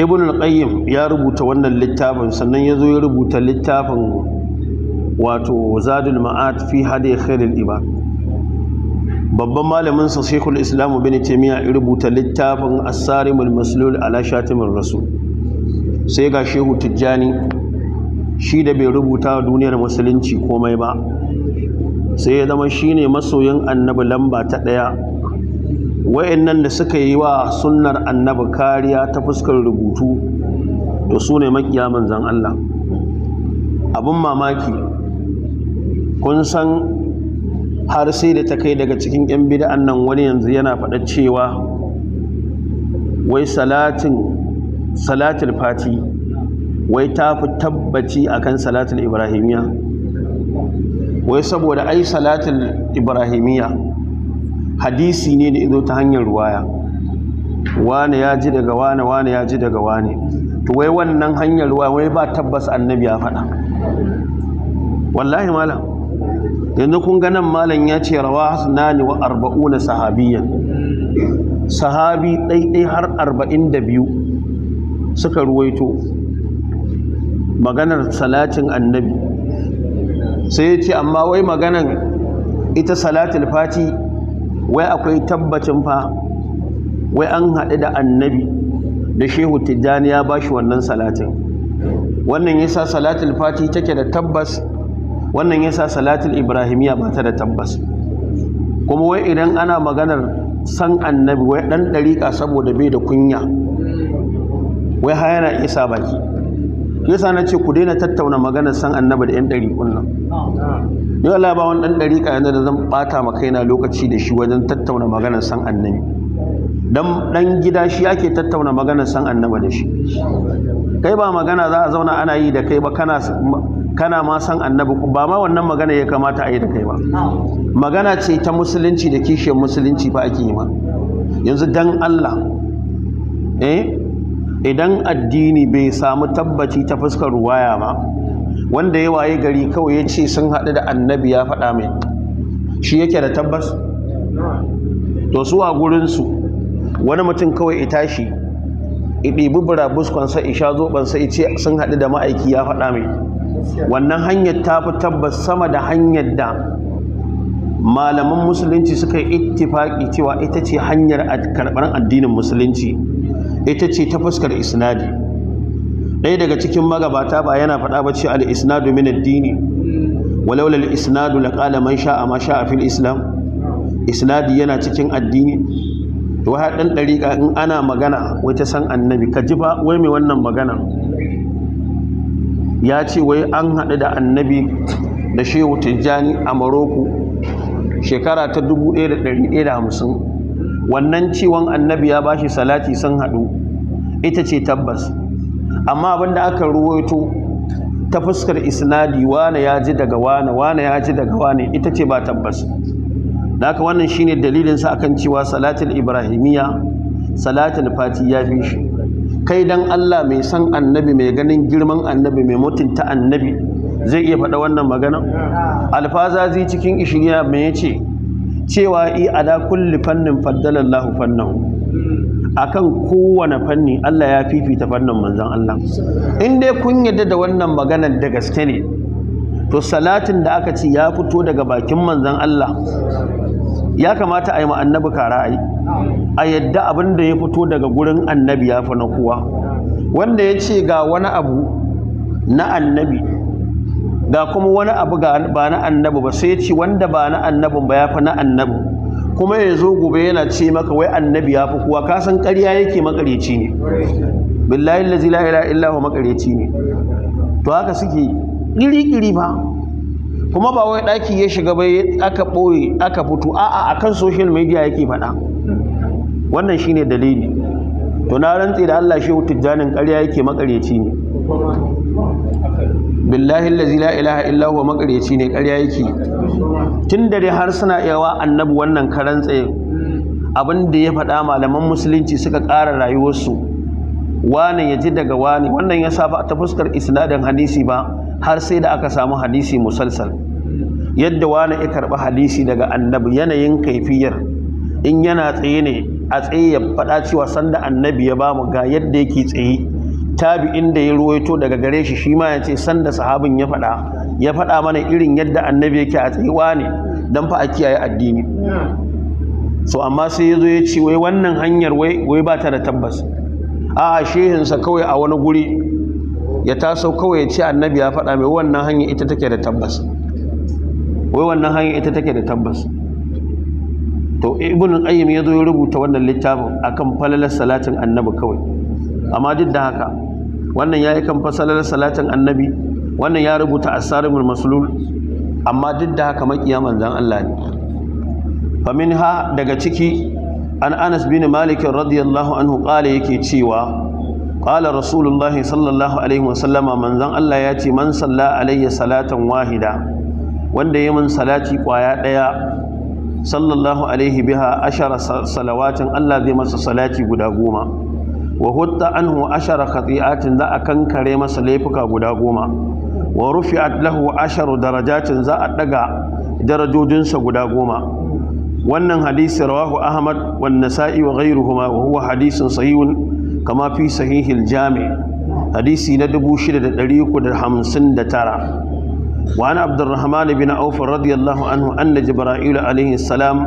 ibn al-qayyim ya rubuta wannan littafin sannan ya zo ya rubuta littafin wato zadul ma'ad fi hadi khairul ibad babban malamin sa shaykhul islam ibn taymiya ya rubuta littafin as-sarimul maslul ala shatimir rasul sai ga shehu tijjani shi da bai rubuta duniyar musulunci komai ba sai ya zama shine masoyin annabi lamba ta daya wayannan da suka yi wa sunnar annabi kariya ta fuskar rubutu to su ne makiya manzan Allah abin mamaki kun san har sai da ta kai daga cikin 'yan bida'an nan wani yanzu yana faɗa cewa wai salatin salatul fati wai ta fi tabbaci akan salatul ibrahimiyya wai saboda ai salatul ibrahimiyya hadisi ne da izo ta hanyar ruwaya wane ya ji daga wane wane ya ji daga wane to wai wannan hanyar ruwaya wai ba tabbas annabi ya faɗa wallahi malam yanzu kun ga nan malam ya ce rawa hasnani wa arba'una sahabiyan sahabi ɗaiɗai har arba'in da biyu suka ruwaito maganar salatin annabi sai ya ce amma wai maganar ita salatul fati wai akwai tabbacin fa wai an haɗu da annabi da shehu tijjani ya ba shi wannan salatin wannan ya sa salatul fati take da tabbas wannan ya sa salatul ibrahimiyya ba ta da tabbas kuma wai idan ana maganar san annabi wai ɗan ɗariƙa saboda bai da kunya wai ha yana isa baki yasa na ce ku daina tattauna maganar san annabi da 'yan ɗariƙun nan yau Allah ba wani dan dariƙa yanzu da zan ɓata ma kaina lokaci da shi wajen tattauna maganar san annabi dan ɗan gida shi ake tattauna maganar san annabi da shi kai ba magana za a zauna ana yi da kai ba kana kana ma san annabi ba ma wannan magana ya kamata a yi da kai ba magana ce ta musulunci da kishiyar musulunci ba ake yi ma yanzu dan Allah eh idan addini bai samu tabbaci ta fuskar ruwaya ba wanda ya waye gari kawai ya ce sun haɗu da annabi ya faɗa mai shi yake da tabbas to su gurinsu wani mutum kawai ya tashi ya ɗibi burabuskonsa isha sha ya ce sun haɗu da ma'aiki ya faɗa mai wannan hanyar ta fi tabbas sama da hanyar da malaman musulunci suka yi ittifaƙi cewa ita ce hanyar karɓar addinin musulunci ita ce ta fuskar isnadi ɗaya daga cikin magabata ba yana faɗa ba ce al’isnadu isnadu min ad-dini walau isnadu isnadu laqala man sha'a ma a fil islam isnadi yana cikin addini to har ɗan dariƙa in ana magana wai ta san annabi ka ji ba wai mai wannan magana ya ce wai an haɗu da annabi da shehu tijjani a maroko shekara ta 1150 wannan ciwon annabi ya bashi salati sun haɗu ita ce tabbas amma abin da aka ruwaito ta fuskar isnadi wane ya ji daga wane wane ya ji daga wane ita ce ba tabbas da haka wannan shine dalilin sa akan cewa salatul ibrahimiya salatul fati ya fi shi kai dan Allah mai san annabi mai ganin girman annabi mai mutunta annabi zai iya faɗa wannan magana alfaza zai cikin ishiya mai yace cewa i ala kulli fannin faddalallahu fannahu akan kowane fanni Allah ya fifita fannin manzon Allah in dai kun yadda da wannan maganar da gaske ne to salatin da aka ci ya fito daga bakin manzon Allah ya kamata a yi annabi kara ai a yadda abin da ya fito daga gurin annabi ya fi na kowa wanda ya ce ga wani abu na annabi ga kuma wani abu ba na annabi ba sai ya ce wanda ba na annabin ba ya fi na annabi. kuma ya zo gobe yana ce maka wai annabi ya fi kuwa ka san ƙarya yake makareci ne billahi lazi la'ira illahu makareci ne to haka suke ƙiri-ƙiri ba kuma ba wai ɗaki ya shiga bai aka ɓoye aka fito a'a akan social media yake faɗa wannan shine dalili to na rantse da Allah shehu tijjanin ƙarya yake makareci ne billahi allazi la ilaha illa huwa ne karya yake tun dare har suna yawa annabi wannan karan tsaye abin da ya faɗa malaman musulunci suka ƙara rayuwarsu wani ya ji daga wani wannan ya saba ta fuskar isnadin hadisi ba har sai da aka samu hadisi musalsal yadda wani ya karɓi hadisi daga annabi yanayin kaifiyar in yana tsaye ne a tsaye ya faɗa cewa sanda annabi ya bamu ga yadda yake tsaye tabi inda ya ruwaito daga gare shi shi ma ya ce sanda sahabin ya faɗa ya faɗa mana irin yadda annabi yake a tsayuwa ne don fa a kiyaye addini so amma sai ya zo ya ce wai wannan hanyar wai wai ba ta da tabbas a shehinsa kawai a wani guri ya taso kawai ya ce annabi ya faɗa mai wannan hanyar ita take da tabbas wai wannan hanyar ita take da tabbas to ibn qayyim ya zo ya rubuta wannan littafin akan falalar salatin annabi kawai amma duk da haka wannan ya kan fasalar salatin annabi wannan ya rubuta asarimul maslul amma duk da haka makiya manzon Allah ne faminha daga ciki an Anas bin Malik radiyallahu anhu ƙale yake cewa qala rasulullah sallallahu alaihi wasallama manzon Allah ya ce man salla alayya salatan wahida wanda man salati kwaya ɗaya, sallallahu alaihi biha ashara salawatin Allah zai masa salati guda goma wa hutta anhu ashara khati'atin za a kankare masa laifuka guda goma wa rufi'at lahu asharu darajatin za a daga darajojinsa guda goma wannan hadisi rawahu ahmad wan nasa'i wa ghayruhuma wa huwa sahihun kama fi sahihil jami hadisi na 6359 Wa عبد الرحمن بن عوف radiyallahu anhu, عنه أن alayhi salam, السلام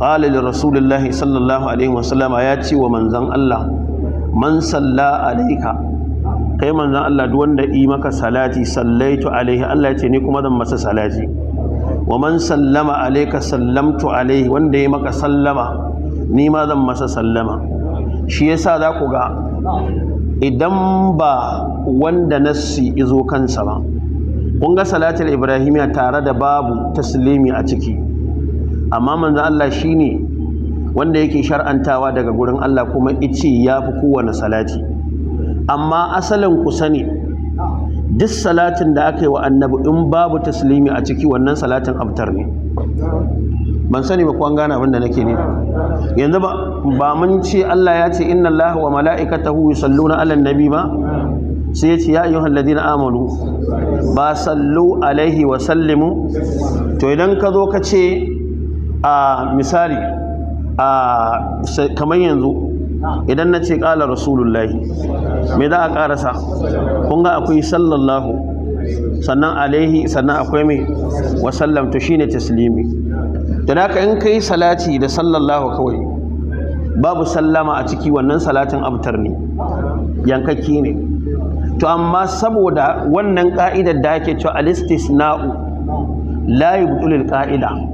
قال لرسول sallallahu alayhi wa عليه وسلم آياتي ومن زن man salla alaika kai manzon Allah duk wanda yi maka salati sallaitu alaihi Allah ya ce ni kuma zan masa salati wa man sallama alaika sallamtu alaihi wanda ya maka sallama ni ma zan masa sallama shi yasa za ku ga idan ba wanda nassi izo kansa ba kun ga salatul ibrahimiya tare da babu taslimi a ciki amma manzon Allah shine wanda yake shar'antawa daga gurin Allah kuma ice ya fi kowane salati amma asalin ku sani duk salatin da aka yi wa annabi in babu taslimi a ciki wannan salatin abtar ne ban sani ba kwan gane abin da nake ne yanzu ba mun ce Allah ya ce inna Allah wa mala'ikatahu yusalluna ala nabi ba sai ya ce ya ayyuhal ladina amanu ba sallu alaihi wa sallimu to idan ka zo ka ce a misali a kamar yanzu idan na ce ƙala rasulullahi mai za a ƙarasa kun ga akwai sallallahu sannan alaihi sannan akwai mai wasallam to shine taslimi don haka in ka yi salati da sallallahu kawai babu sallama a ciki wannan salatin abtar ne yankakki ne to amma saboda wannan ka'idar da ake cewa na'u layi butulil ka'ida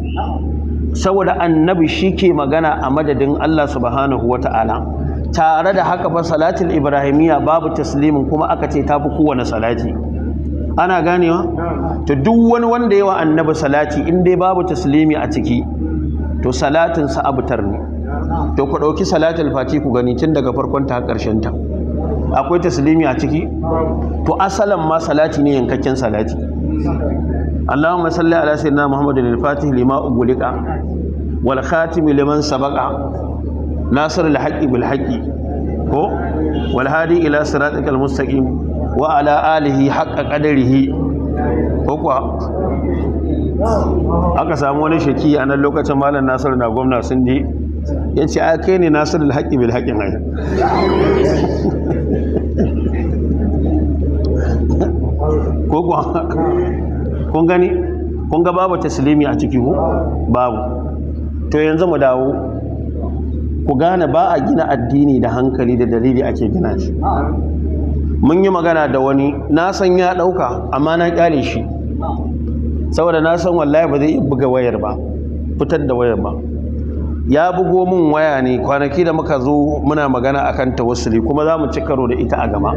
saboda annabi shi ke magana a madadin Allah subhanahu wa ta'ala tare da haka fa salatin ibrahimiyya babu taslimin kuma aka ce tafi kowane salati ana ganewa to duk wani wanda yawa annabi salati in dai babu taslimi a ciki to salatin sa abutar ne to ku dauki salatul fati ku gani tun daga farkon ta karshen ta akwai taslimi a ciki to asalan ma salati ne yankakken salati اللهم صل على سيدنا محمد الفاتح لما أغلق والخاتم لمن سبق ناصر الحق بالحق والهادي إلى صراطك المستقيم وعلى آله حق قدره aka samu wani shaki a nan lokacin malam nasiru na gwamna sun je ya ce a kai ne nasiru da haƙi bil haƙin hain ko kuwa kun gani kun ga babu taslimi a ciki ku? babu to yanzu mu dawo ku gane ba a gina addini da hankali da dalili ake gina shi mun yi magana da wani na san ya ɗauka amma na ƙyale shi saboda na san wallahi ba zai buga wayar ba fitar da wayar ba ya bugo min waya ne kwanaki da muka zo muna magana akan tawassuli kuma za mu ci karo da ita a gama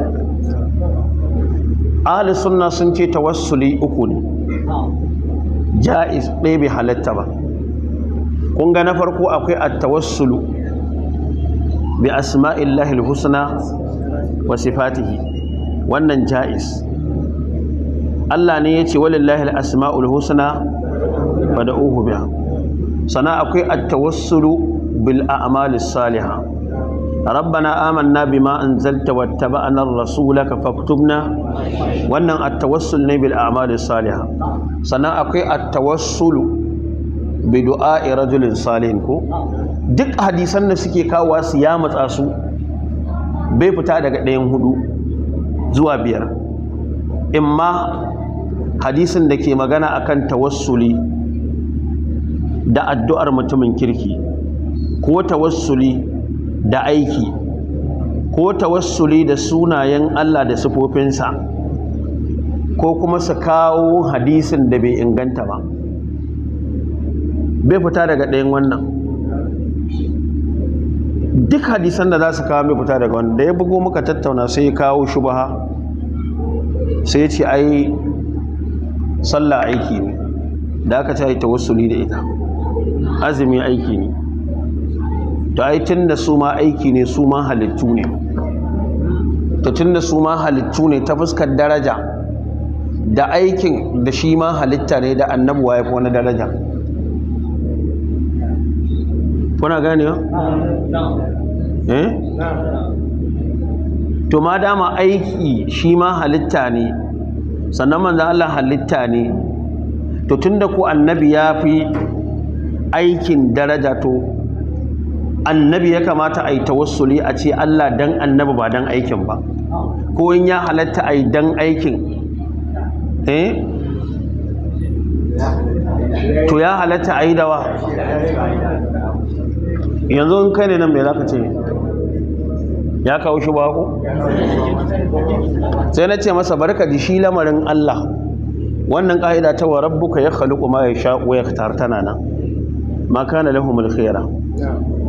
ahli sunna sun ce tawassuli uku ne ja'iz ɗaya bai halatta ba kun ga na farko akwai at bi asma'illahi al-husna wa sifatihi wannan ja'iz Allah ne yace walillahi al-asma'ul husna fad'uhu biha sana akwai attawassulu bil a'malis salihah ربنا آمنا بما أنزلت واتبعنا الرسول فاكتبنا وأن التوسل بالأعمال الصالحة سنا أقي التوسل بدعاء رجل صالح duk hadisan da suke kawo su ya matsa su bai fita daga ɗayan hudu zuwa biyar imma hadisin da ke magana akan tawassuli da addu'ar mutumin kirki ko tawassuli da aiki ko tawassuli da sunayen Allah da sufofinsa ko kuma su kawo hadisin da bai inganta ba bai fita daga ɗayan wannan duk hadisan da za su kawo bai fita daga wannan da ya bugo muka tattauna sai ya kawo shubaha sai ya ce ai sallah aiki ne da aka ce ai tawassuli da ita azumi aiki ne to ai tunda su ma aiki ne su ma halittu ne to tunda su ma halittu ne ta fuskar daraja da aikin da shi ma halitta ne da annabuwa ya fi wani daraja kuna gane eh to ma dama aiki shi ma halitta ne sannan manzan Allah halitta ne to tun da ku annabi ya fi aikin daraja to annabi ya kamata a yi tawassuli a ce Allah dan annabi ba dan aikin ba ko in ya halatta a yi dan aikin eh to ya halatta a yi dawa yanzu in kai ne nan mai za ka ce ya kawo shi ba ku sai na ce masa barka da shi lamarin Allah wannan ka'ida ta wa rabbuka ya khaliqu ma yasha wa yaktar tana nan ma kana lahumul khaira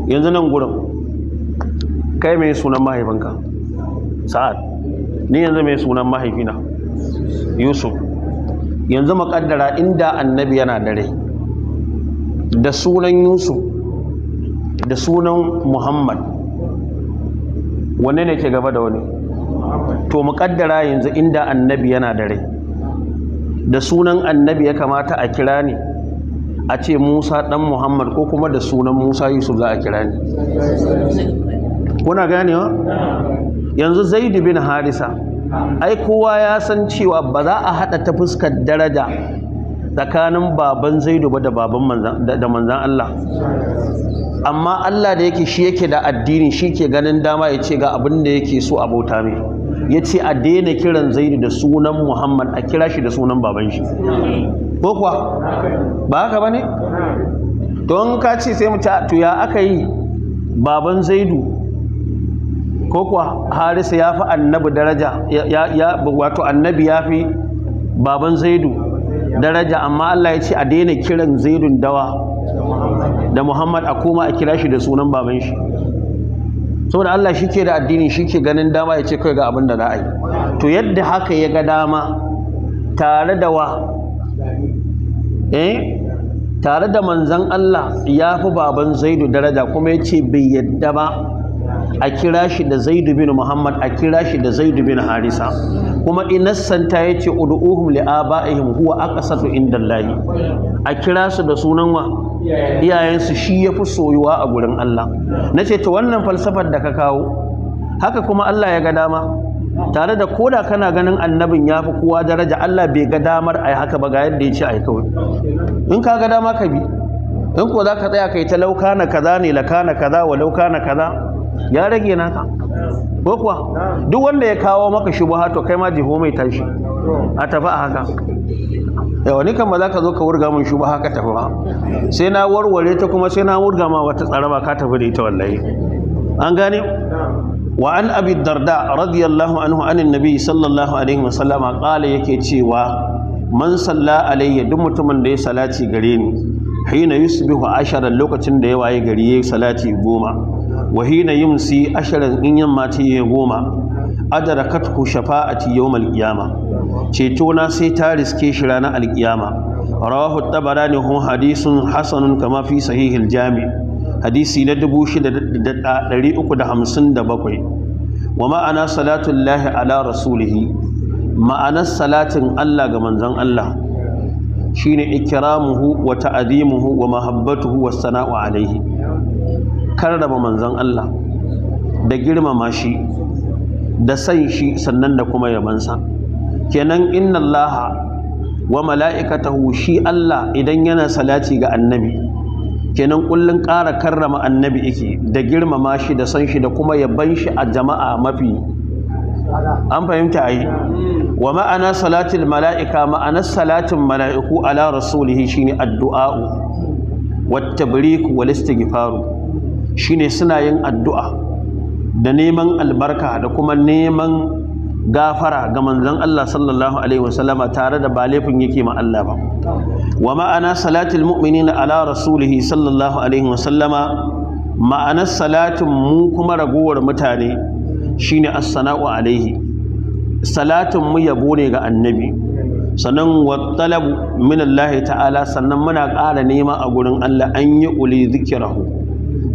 yanzu nan gurin kai mai sunan mahaifinka sa'ad ni yanzu mai sunan mahaifina yusuf yanzu makaddara inda annabi yana da rai da sunan yusuf da sunan muhammad wanne ne ke gaba da wani to makaddara yanzu inda annabi yana da rai da sunan annabi ya kamata a kira ne a ce musa ɗan muhammad ko kuma da sunan musa yusuf za a kira ni kuna ganewa yanzu zaidu bin harisa ai kowa ya san cewa ba za a haɗa ta fuskar daraja tsakanin baban zaidu ba da baban manzan Allah amma Allah da yake shi yake da addini shi ke ganin dama ya ce ga abin da yake so a bauta mai ya ce a daina kiran zaidu da sunan muhammad a kira shi da sunan baban shi ko kuwa ba haka ba ne don ka ce sai mu to ya aka yi baban zaidu ko kuwa harisa ya fi annabi daraja wato annabi ya fi baban zaidu daraja amma Allah ya ce a daina kiran zaidun dawa da muhammad a koma a kira shi da sunan baban shi saboda Allah shi ke da addini shi ke ganin dama ya ce kai ga abin da na'ai to yadda haka ya ga dama tare da wa eh tare da manzan Allah ya fi baban zaidu daraja kuma ya ce bai yadda ba a kira shi da zaidu bin muhammad a kira shi da zaidu bin harisa kuma inassanta ya ce udu'uhum li'aba'ihim huwa aqsatu indallahi a kira su da sunan wa iyayensu shi ya fi soyuwa a gurin Allah na ce ta wannan falsafar da ka kawo haka kuma Allah ya ga dama tare da koda kana ganin annabin ya fi kowa daraja Allah bai ga damar a yi haka ba ga yadda ya ce a yi kawai in ka ga dama ka bi in ko za ka tsaya ka yi ta lauka na kaza ne laka na kaza wa lauka na kaza ya rage ka. ko kuwa duk wanda ya kawo maka shubha to kai ma jiho mai tashi a tafi a haka yawa ni kan ba za ka zo ka wurga min shuba haka tafi ba sai na warware ta kuma sai na wurga ma wata tsaraba ka tafi da ita wallahi an gane wa an abin darda radiyallahu anhu anin nabi sallallahu alaihi wasallam a ƙala yake cewa man salla duk mutumin da ya salati gare ni hina yi su bihu lokacin da ya waye gari ya salati goma wa hina yi musu asharar in yamma yi goma adara katku shafa a ti yau ceto na sai ta riske shi ranar alkiyama rawahu tabarani hun Hassanun hasanun kama fi sahihin jami'a hadisi na 6357 wa ma'ana salatun lahi ala rasulihi ma'anar salatin Allah ga manzan Allah ne ikramuhu wa ta'zimuhu wa mahabbatuhu wa sana'u alaihi karrama manzan Allah da girmama shi da san shi sannan da kuma yabansa kenan inna Allah wa mala'ikatahu shi Allah idan yana salati ga annabi kenan kullun ƙara karrama annabi yake da girmama shi da san shi da kuma yaban shi a jama'a mafi an fahimta ai wa ma'ana salatul mala'ika ma'anar salatin mala'iku ala rasulihi shine addu'a wat tabrik wal istighfar shine suna yin addu'a da neman albarka da kuma neman gafara ga manzon Allah sallallahu alaihi wasallama tare da ba laifin yake ma Allah ba wa ma'ana salatul mu'minina ala rasulih sallallahu alaihi wasallama ma'anar salatin mu kuma ragowar mutane shine as-sana'u alaihi salatin mu yabo ne ga annabi sannan wa talabu min ta'ala sannan muna ƙara nema a gurin Allah an yi uli zikrahu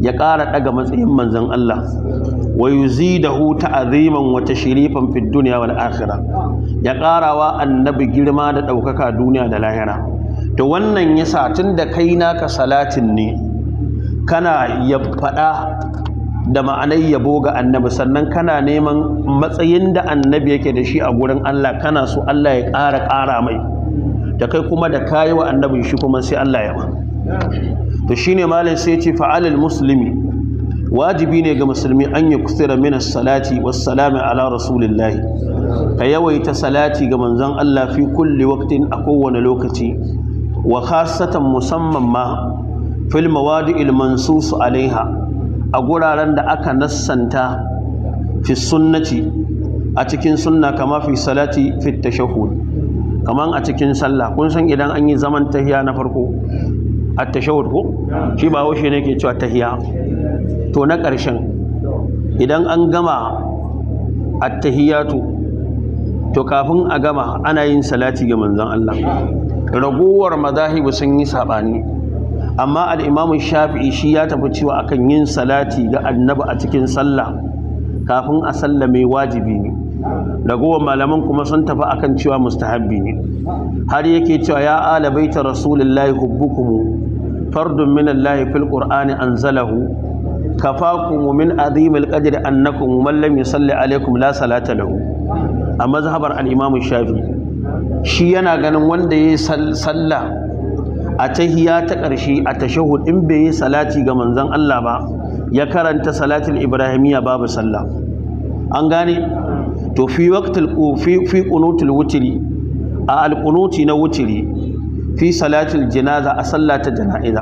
ya ƙara ɗaga matsayin manzon Allah wa yuzidahu ta'ziman wa tashrifan fid dunya wal akhirah ya ƙarawa annabi girma da ɗaukaka duniya da lahira to wannan yasa da kai naka salatin ne kana ya faɗa da ma'anar yabo ga annabi sannan kana neman matsayin da annabi yake da shi a gurin Allah kana so Allah ya ƙara ƙara mai da kai kuma da kayi wa Annabi, shi kuma sai Allah ya ma. to shine malam sai ce fa'alal muslimi wajibi ne ga musulmi an yi kusura minas salati wassalamu ala rasulillah ka yawaita salati ga manzon Allah fi kulli waqtin a kowane lokaci wa khasatan musamman ma fil mawadi'il mansus alaiha a guraren da aka nassanta fi sunnati a cikin sunna kama fi salati fi tashahhud kaman a cikin sallah kun san idan an yi zaman tahiya na farko at ko shi ba washe ne ke cewa tahiya to na ƙarshen idan an gama attahiyatu to kafin a gama ana yin salati ga manzon Allah ragowar mazahibu sun yi sabani amma al shafi'i shi ya tafi cewa akan yin salati ga annabi a cikin sallah kafin a sallame wajibi ne ragowar malaman kuma sun tafi akan cewa mustahabbi ne har yake cewa ya ala baita rasulullahi hubbukum fardun min Allah fil Qur'ani anzalahu kafakum min azimil qadri annakum man lam yusalli alaikum la salata lahu a mazhabar al-Imam Shafi shi yana ganin wanda yayi sallah a tahiyya ta ƙarshe a tashahhud in bai yi salati ga manzon Allah ba ya karanta salatul ibrahimiyya babu sallah an gane to fi waqtil fi fi qunutul wutri a alqunuti na wutri fi salatul janaza a sallata jana'iza